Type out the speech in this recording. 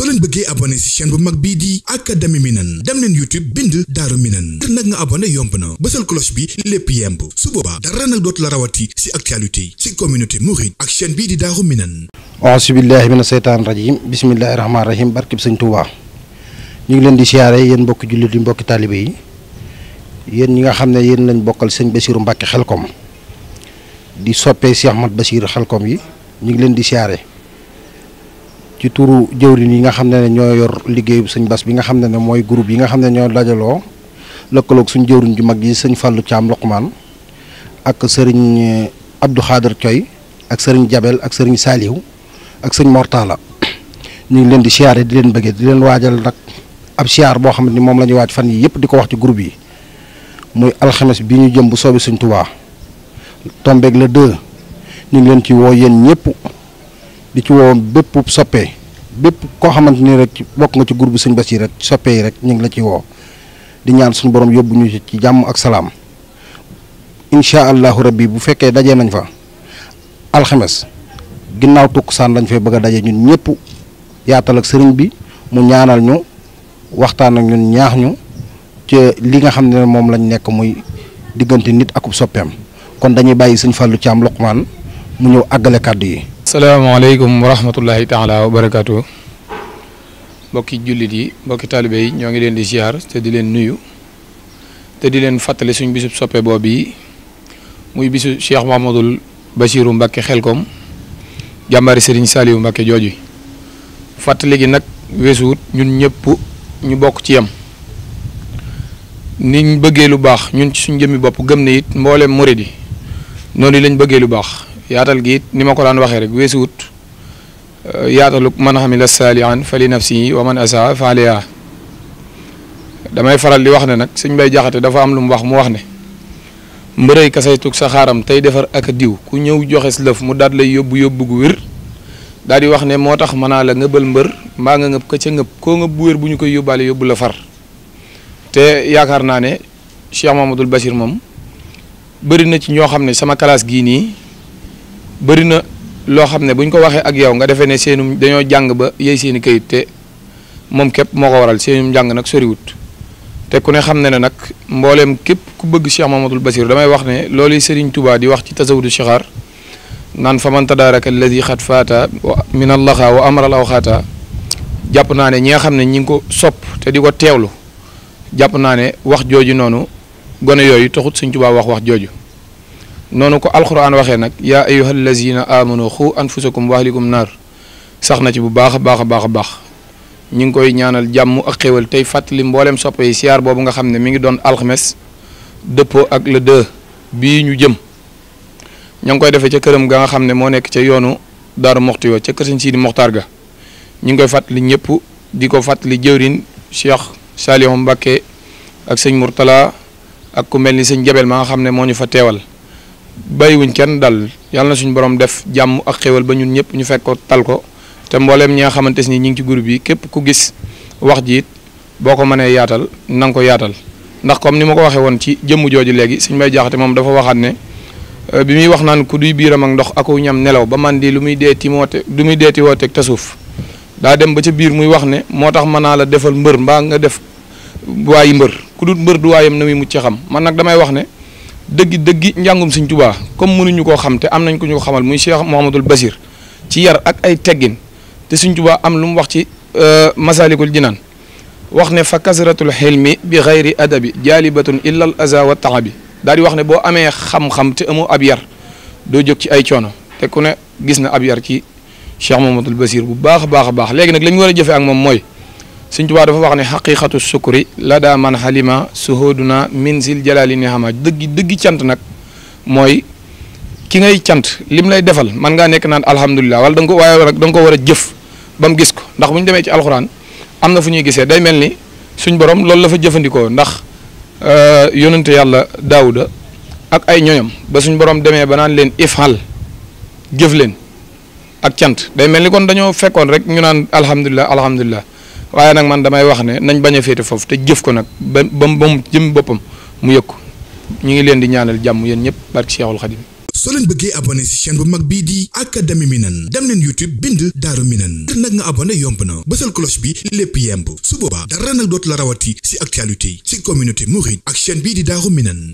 soo leen bëggee abonné ci chaîne bu mag bii di Académie Minane dem leen YouTube bind Daaru Minane ngir nag nga abonné yomb na bësal cloche bi lépp yemb su boobaa dara nag dootu la rawati ci actualité ci communauté mouride ak chaîne bii di Daaru Minane auzu billahi mina seytaani rajim bismillahi rahmaani rahim barkib sëñ Tuubaa ñu ngi leen di siyaare yéen mbokki jullit yi mbokki taalibe yi yéen ñi nga xam ne yéen lañ bokkal sañ Basiiru Mbàkke Xelkom di soppee Cheikh Ahmad Basiir Xelkom yi ñu ngi leen di siyaare ci turu jëwrin yi nga xamne ñoo yor liggey sëñ bas bi nga xamne moy groupe yi nga xamne ne ñoo dajaloo lëkkaloog suñ jëwriñ ju mag yi sëñ Fallou Thiam Lokman ak señ Abdou Khader toy ak señ Jabel ak señ saliw ak señ Mortala ñu ngi leen di siyaare di leen bëggee di leen wajal nak ab siyaar bo xam mom lañu waj fan yi yépp di wax ci groupe yi muy alxames bi ñu jëm bu señ touba tubaa ak le 2 ñu ngi leen ci wo yeen ñëpp di ci woon bepp soppé bepp ko xamanteni ni rek bok nga ci groupe seigne bassi rek soppé rek ñu ngi la ci wo di ñaan suñu borom yobbu ñu ci jamm ak salam incha allahu rabbi bu fekke dajé nañ fa ginnaw tuk san lañ fay bëgg dajé daje ñun ñëpp yaatal ak sëriñ bi mu ñaanal ñu waxtaan ak ñun ñaax ñu ci li nga xamne mom lañ nekk muy digënté nit akub soppeem kon dañuy seigne fallu ci am luqman mu ñew agalé kaddu yi. salaamaaleykum wa rahmatullahi taala wa barakaatu mbokki jullit yi mbokki taalibe yi ñoo ngi leen di ziar te di leen nuyu te di leen fàttali suñ bisub soppe boobu yi muy bisu Cheikh Mahmadul Bachiru Mbacke xelkom jàmbari Serigne Saliou Mbacke jooju fàttali gi nag weesuwut ñun ñëpp ñu bokk ci yem niñ bëggee lu baax ñun ci suñ jëmmi bopp gëm ne it mboolem murid yi noonu lañ bëggee lu baax. yaatal gi ni ma ko daan waxee rek wut euh, yaatalu man xamila saalihan fa li nafsihi wa man asaa fa damay faral di wax ne nag sëñ Mbay Jaxate dafa am lu mu wax mu wax ne mbërëy kasaytug sa xaaram tey defar ak diw ku ñëw joxes lëf mu daat lay yóbbu yóbbu gu wér daal di wax ne moo tax mënaa la ngëbal mbër mbaa nga ngëb ko ca ngëb koo ngëb bu wér bu ñu koy yóbbaale yóbbu la far te yaakaar naa ne Cheikh Mamadou Bachir moom bëri na ci ñoo xam ne sama classe gii nii bëri na loo xam ne bu ñu ko waxee ak yow nga defee ne seenum dañoo jàng ba yey seen kayit te moom képp moo ko waral seenum jàng nag soriwut te ku ne xam ne ne nag mbooleem képp ku bëgg Cheikh Mamadou Bassirou damay wax ne loolu Serigne tubaa di wax ci tasawudu Chixaar naan faman tadaraka alladi xat faata min allaxa wa amral aw xaata jàpp naa ne ñi nga xam ne ñi ngi ko sopp te di ko teewlu jàpp naa ne wax jooju noonu gone yooyu taxut Serigne Touba wax wax jooju noonu ko alxuraan waxee nag yaa ayyuha allazina amanu xu anfusakum wa ahlikum naar sax na ci bu baax a baax a baax a baax ñu ngi koy ñaanal jàmm ak xéwal tey fàttali mbooleem soppe yi siyaar boobu nga xam ne mi ngi doon alxames dëppoo ak le deux bii ñu jëm ña ngi koy defee ca këram ga nga xam ne moo nekk ca yoonu Daaru Moxti yoo ca kër Sëñ Sidi Moxtaar ga ñu ngi koy fàttali ñëpp di ko fàttali jëwrin Cheikh Saliou Mbacké ak sëñ Mourtala ak ku mel ni sëñ Jabel ma nga xam ne moo ñu fa teewal bàyyiwuñ kenn dal yàlla suñu borom def jamm ak xewal ba ñun ñepp ñu fekk ko tal ko te mbooleem ñi nga xamante ni ñu ngi ci groupe bi képp ku gis wax ji it boo ko yaatal nang ko yaatal ndax comme ni mako waxé won ci jëm joju légui suñ may jaaxate mom dafa waxat né euh, bi mi wax naan ku duy biiram ak ndox aku ñam nelaw ba man di lu muy déti moté du muy déti woté te tasuf da dem ba ci biir muy wax né motax tax la defal mbeur mba nga def waayi mbeur ku dut mbeur du wayam na muy mucc xam man nak damay wax né dëggi dëggi njàngum Sëñ Tuubaa comme mënuñu koo xam te am nañ ko ñu ko xamal muy Cheikh Mouhamadul Basir ci yar ak ay teggin te Sëñ Tuubaa am lu mu wax ci euh, Masaalikul Jinaan wax ne fa kasratul xilmi bi xayri adabi jaalibatun illa al aza wa taabi daal di wax ne boo amee xam-xam te amoo ab yar doo jóg ci ay coono te ku ne gis na ab yar ci Cheikh Mouhamadul Basir bu baax a baax a baax léegi nag la ñu war a jëfee ak moom mooy sëñ tubaa dafa wax ni haqiqatu sukuri la man halima suhuduna min zil jalali ni xama deug dëggi cant nak mooy ki ngay cant lim lay defal man ngaa nekk naan alhamdulilah wala da nga ko waaye nag da nga ko war a jëf ba mu gis ko ndax buñu ñu ci alquran amna fuñuy fu day melni suñ borom loolu la fa ndax euh, yalla daouda ak ay ñoñam ba suñ borom ba nan leen ifal jëf leen ak tiant day melni kon dañoo fekkon rek ñu nan alhamdullilah alhamdullilah waaye nag man damay wax ne nañ bañ a féete foofu te jëf ko nag ba ba mu jëm boppam mu yëg ko ñu ngi leen di ñaanal jàmm yéen ñëpp barki Seexul Xadim soo leen bëggee abonné ci chaîne bu mag bii di académie Minane dem leen YouTube bind Daaru Minane ngir nag nga abonné yomb na bësal cloche bi lépp yemb su boobaa dara nag dootu la rawati ci actualité ci communauté mouride ak chaîne bii di daaxu Minane